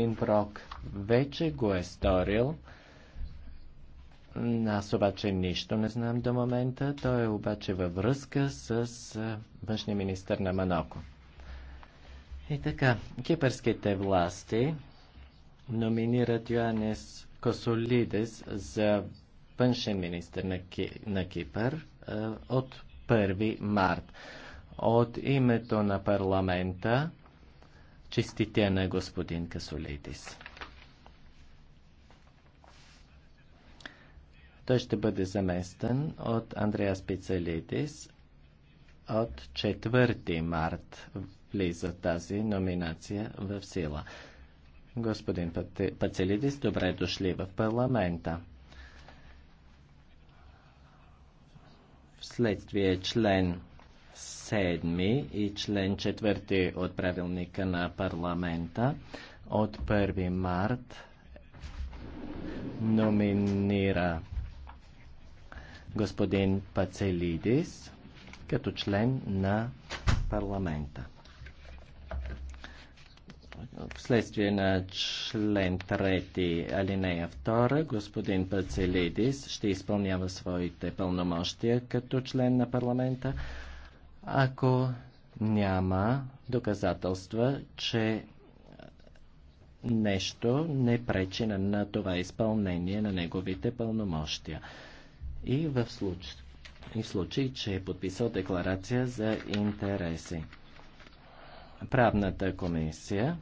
Брок вече го е сторил. Аз обаче нищо не знам до момента. Той е обаче във връзка с външния министр на Маноко. И така, кипърските власти номинират Йоанес Косолидес за външен министр на, Ки... на Кипър от 1 март. От името на парламента Честите на господин Касолидис. Той ще бъде заместен от Андреас Специалидис от 4 март влиза тази номинация в сила. Господин Пацелидис, добре дошли в парламента. Вследствие член 7 и член 4 от правилника на парламента от 1 март номинира господин Пацелидис като член на парламента. Вследствие на член 3, алинея 2, господин Пацелидис ще изпълнява своите пълномощия като член на парламента ако няма доказателства, че нещо не пречи на, на това изпълнение на неговите пълномощия. И в, случай, и в случай, че е подписал декларация за интереси. Правната комисия